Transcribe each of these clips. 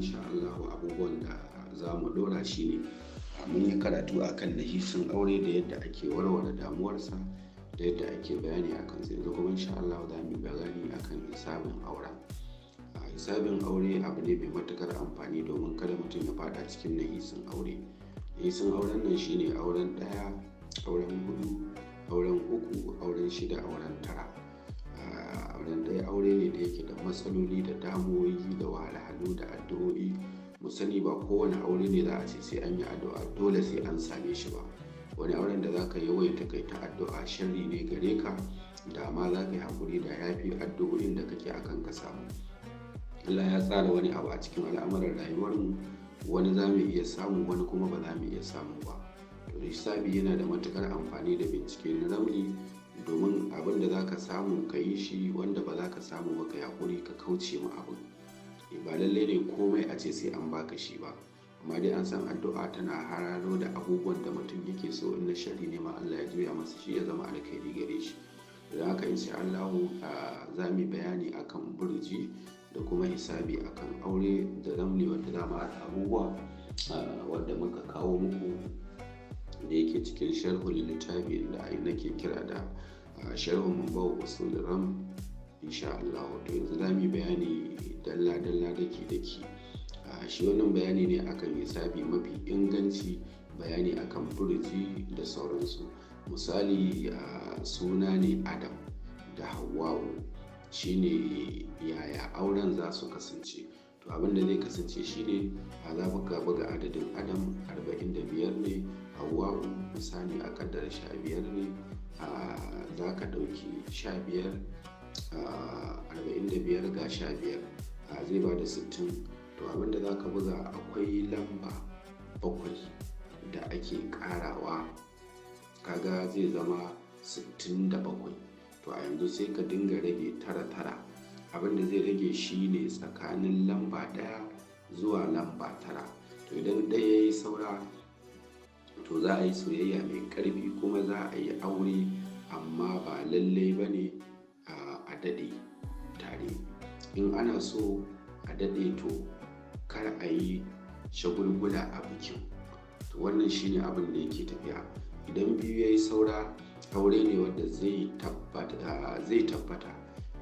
insha Allah abubuwan da za mu dora shi ne mun yi karatu akan nahisin aure da yadda ake warware damuwarsa da yadda ake bayani akan sai da kuma insha Allah za mu bayani akan hisabin aura hisabin aure abu ne mai matukar amfani domin kada mutum ya fada cikin nahisin aure nahisin auren nan shine auren daya auren hudu auren uku auren shida auren tara dan aure ne da yake da matsaloli da damuwoyi da wahalhalu da addu'o'i mu sani ba kowane aure ne za a ce sai an yi addu'a dole sai an same shi ba wani auren da za ka yawaita kai ta addu'a shirri ne gare ka da ma za ka yi haƙuri da ya fi addu'o'in da kake akan ka samu Allah ya tsara wani abu a cikin al'amuran rayuwarmu wani za mu iya samu wani kuma ba za mu iya samu ba to lissafi yana da matukar amfani da bincike na ramli domin abin da za ka samu ka yi shi wanda ba za ka samu ba ka yaƙuri ka kauce ma abin eh, ba lallai ne komai a ce sai an baka shi ba amma dai an san addu'a tana hararo da abubuwan da mutum yake so in na shari ne ma Allah ya juya masa shi ya zama alkhairi gare shi da haka sha Allah ah, za mu bayani akan burji da kuma hisabi akan aure da ramli wanda za mu abubuwa ah, wanda muka kawo muku da yake cikin sharhul littafi da nake kira da a sharhu mun ba usul insha Allah to yanzu za mu bayani dalla dalla daki daki a shi wannan bayani ne akan hisabi mafi inganci bayani akan furuci da sauransu misali a suna ne adam da hawa'u shine yaya auren za su kasance to abin da zai kasance shine a za buga buga adadin adam 45 ne hawa'u misali a kaddara 15 ne za ka ɗauki 15 45 ga 15 zai ba da 60 to abinda za ka buga akwai lamba bakwai da ake karawa kaga zai zama 67 to a yanzu sai ka dinga rage tara tara abinda zai rage shi ne tsakanin lamba ɗaya zuwa lamba tara to idan ɗaya ya yi saura to za a yi soyayya mai ƙarfi kuma za a yi aure amma ba lallai ba ne a daɗe tare in ana so a daɗe to kar a yi shagulgula a bikin to wannan shine abin da yake tafiya idan biyu ya yi saura aure ne wanda zai tabbata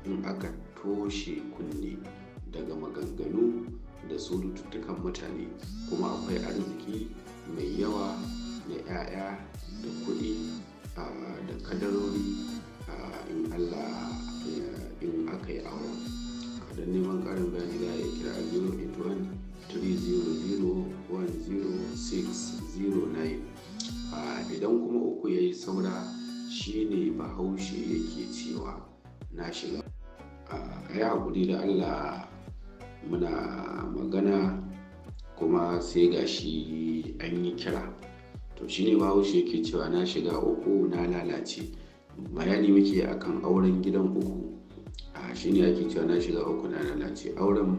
in aka toshe kunne daga maganganu da surututtukan mutane kuma akwai arziki mai yawa da 'ya'ya da kuɗi da kadarori in allah in aka yi auren don neman ƙarin bayani za a zero kira 081 300 idan kuma uku ya yi saura shine bahaushe yake cewa na shiga a ya haƙuri da allah muna magana kuma sai gashi an yi kira to shine bahaushe yake cewa na shiga uku na lalace bayani muke akan auren gidan uku a shine ake cewa na shiga uku na lalace auren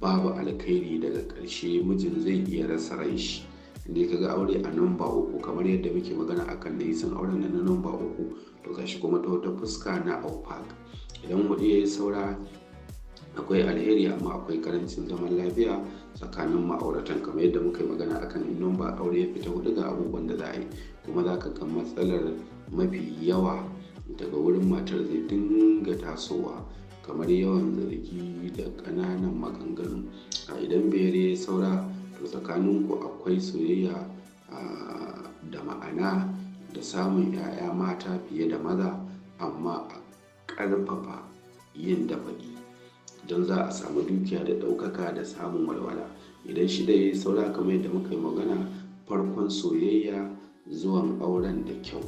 babu alkhairi daga karshe mijin zai iya rasa ran shi ne kaga aure a namba uku kamar yadda muke magana akan da isan auren na ba uku to gashi kuma ta wata fuska na opak idan hudu ya yi saura akwai alheri amma akwai karancin zaman lafiya tsakanin ma'auratan kamar yadda muka yi magana a in nan ba aure ya fita hudu ga abubuwan da za a yi kuma za ka ga matsalar mafi yawa daga wurin matar zai dinga tasowa kamar yawan zargi da ƙananan maganganu a idan bere saura to tsakanin ku akwai soyayya da ma'ana da samun 'ya'ya mata fiye da maza amma a ƙarfafa yin dafaɗi don za a samu dukiya da ɗaukaka da samun walwala idan shida ya yi saura kamar yadda muka yi magana farkon soyayya zuwan auren da kyau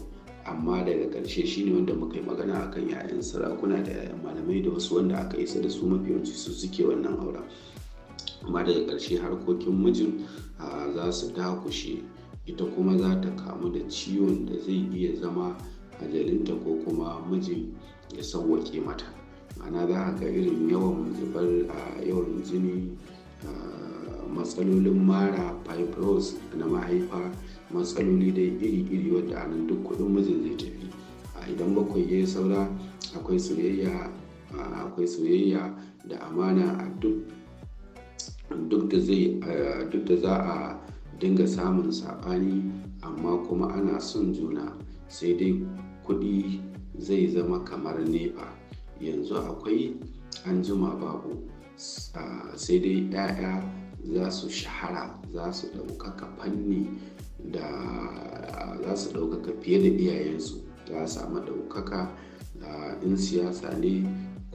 amma daga ƙarshe ne wanda muka yi magana akan 'ya'yan sarakuna da 'ya'yan malamai da wasu wanda aka isa da su mafi yawanci su suke wannan auren amma daga ƙarshe harkokin mijin za su dakushe ita kuma za ta kamu da ciwon da zai iya zama ajalinta ko kuma mijin ya sauwaƙe mata ma'ana za a ga irin yawan zubar a yawan jini matsalolin mara fibros na mahaifa matsaloli dai iri-iri wadda a nan duk kudin mijin zai tafi idan bakwai ya saura akwai soyayya akwai soyayya da amana a duk da duk da za a dinga samun saɓani amma kuma ana son juna sai dai kuɗi zai zama kamar nefa yanzu akwai an jima babu sai dai 'ya'ya za su shahara za su ɗaukaka fanni da za su ɗaukaka fiye da iyayensu za su samu ɗaukaka in siyasa ne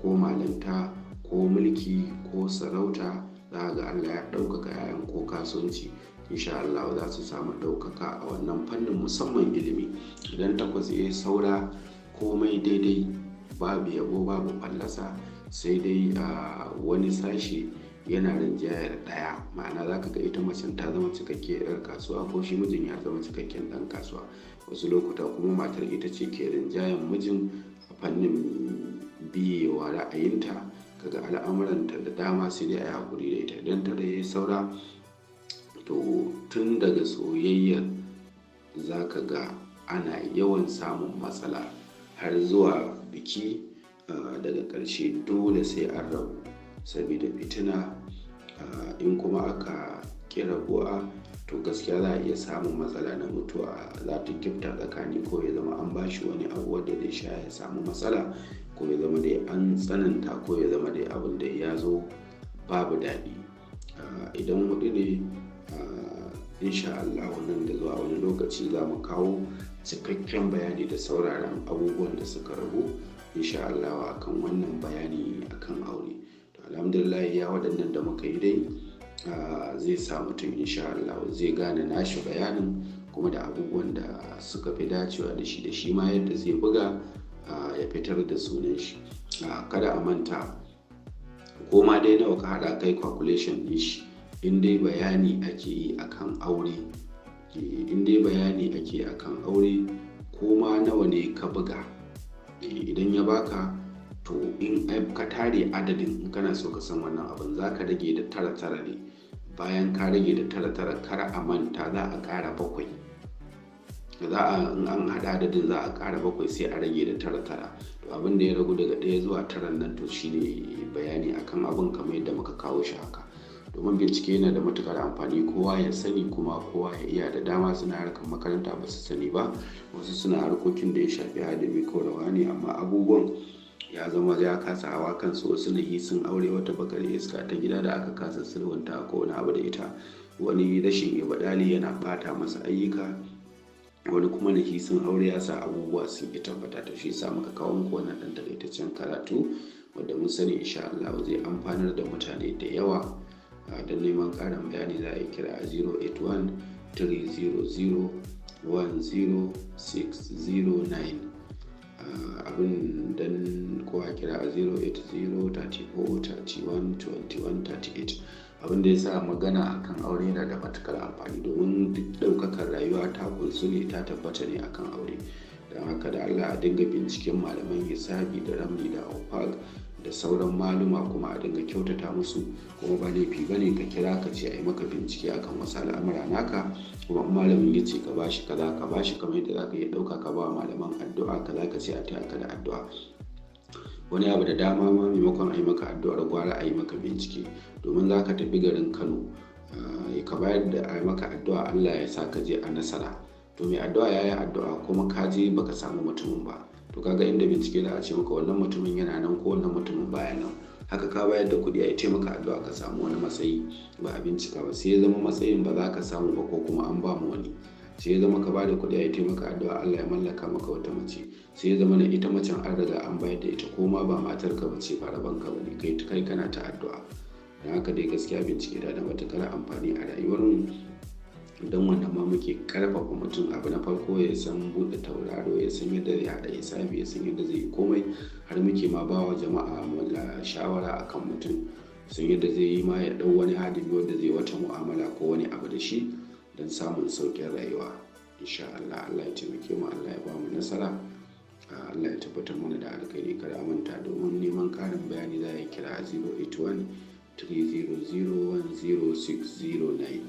ko malinta ko mulki ko sarauta za ga allah ya ɗaukaka 'ya'yan ko kasuwanci insha Allah za su samu ɗaukaka a wannan fannin musamman ilimi idan takwas ya saura komai daidai babu yabo babu fallasa sai dai a wani sashi yana rinjayar ɗaya ma'ana za ka ga ita macen ta zama cikakke 'yar kasuwa ko shi mijin ya zama cikakken ɗan kasuwa wasu lokuta kuma matar ita ce ke rinjayen mijin a fannin biyewa ra'ayinta kaga al'amuranta da dama sai dai a yi hakuri da ita idan ta ya saura to tun daga soyayyar za ka ga ana yawan samun matsala har zuwa biki daga ƙarshe dole sai an rabu saboda fitina in kuma aka ƙi rabuwa to gaskiya za a iya samun matsala na mutuwa za ta kifta tsakani ko ya zama an bashi wani abu wanda zai sha ya samu matsala ko ya zama dai an tsananta ko ya zama dai abin da ya zo babu daɗi idan hudu ne insha Allah nan da zuwa wani lokaci za mu kawo cikakken bayani da sauraron abubuwan da suka rabu insha Allah akan wannan bayani akan aure to alhamdulillah ya waɗannan da muka yi dai zai sa mutum insha Allah zai gane nashi bayanin kuma da abubuwan da suka fi dacewa da shi da shi ma yadda zai buga ya fitar da sunan shi kada a manta ko ma dai nawa ka haɗa kai calculation ɗin shi in dai bayani ake yi akan aure Eh, in dai bayani ake akan aure ko ma nawa ne ka buga eh, idan ya baka to in ka tare adadin in kana so ka san wannan abin za ka rage da tara tara ne bayan ka rage da tara tara kar a manta za a ƙara bakwai za a in an haɗa adadin za a ƙara bakwai sai a rage da tara tara to abin da ya ragu daga ɗaya zuwa tara nan to shine bayani akan abin kamar yadda muka kawo shi haka domin bincike yana da matukar amfani kowa ya sani kuma kowa ya iya da dama suna harkar makaranta ba su sani ba wasu suna harkokin da ya shafi hadami ko ne amma abubuwan ya zama ya kasa hawa kansu wasu na sun aure wata bakar iska ta gida da aka kasa sulwanta ko wani abu da ita wani rashin ya ibadali yana bata masa ayyuka wani kuma na sun aure ya sa abubuwa sun yi tabbata ta shi sa maka kawon ko wannan dan takaitaccen karatu wanda mun sani insha Allah zai amfanar da mutane da yawa don neman karin bayani za a kira a 081 300 10609 abin don kowa kira a 080-34-31-21-38 abin da ya sa magana akan aure yana da matukar amfani domin duk daukakar rayuwa ta kunsu ne ta tabbata ne akan aure don haka da allah a dinga binciken malaman hisabi da ramli da aufag da sauran maluma kuma a dinga kyautata musu kuma ba laifi ba ne ka kira ka ce a yi maka bincike akan wasu al'amura naka kuma in malamin ya ce ka bashi kaza ka bashi kamar yadda zaka iya ɗauka ka ba wa malaman addu'a kaza ka ce a taya da addu'a wani abu da dama ma maimakon a yi maka addu'ar gwara a yi maka bincike domin za ka tafi garin kano eh, ka bayar da a yi maka addu'a allah ya sa ka je a nasara to mai addu'a ya yi addu'a kuma ka je baka samu mutumin ba to kaga inda bincike da a ce maka wannan mutumin yana nan ko wannan mutumin baya nan haka ka bayar da kuɗi a yi taimaka addu'a ka samu wani matsayi ba a bincika ba sai ya zama matsayin ba za ka samu ba ko kuma an ba mu wani sai ya zama ka bada kuɗi a taimaka addu'a Allah ya mallaka maka wata mace sai ya zama na ita macen an riga an bayar da ita ko ma ba matar ka bace ba raban ka bane kai kai kana ta addu'a na haka dai gaskiya bincike da da matukar amfani a rayuwar mu don wanda ma muke karfafa mutum abu na farko ya san buɗe tauraro ya san yadda ya haɗa hisabi ya san yadda zai yi komai har muke ma ba wa jama'a shawara akan mutum sun yadda zai yi ma ya ɗau wani hadin wanda zai wata mu'amala ko wani abu da shi don samun sauƙin rayuwa insha Allah Allah ya taimake mu Allah ya ba mu nasara ah, Allah ya tabbatar mana da alkhairi kada manta domin neman ƙarin bayani za a kira 081 300 10609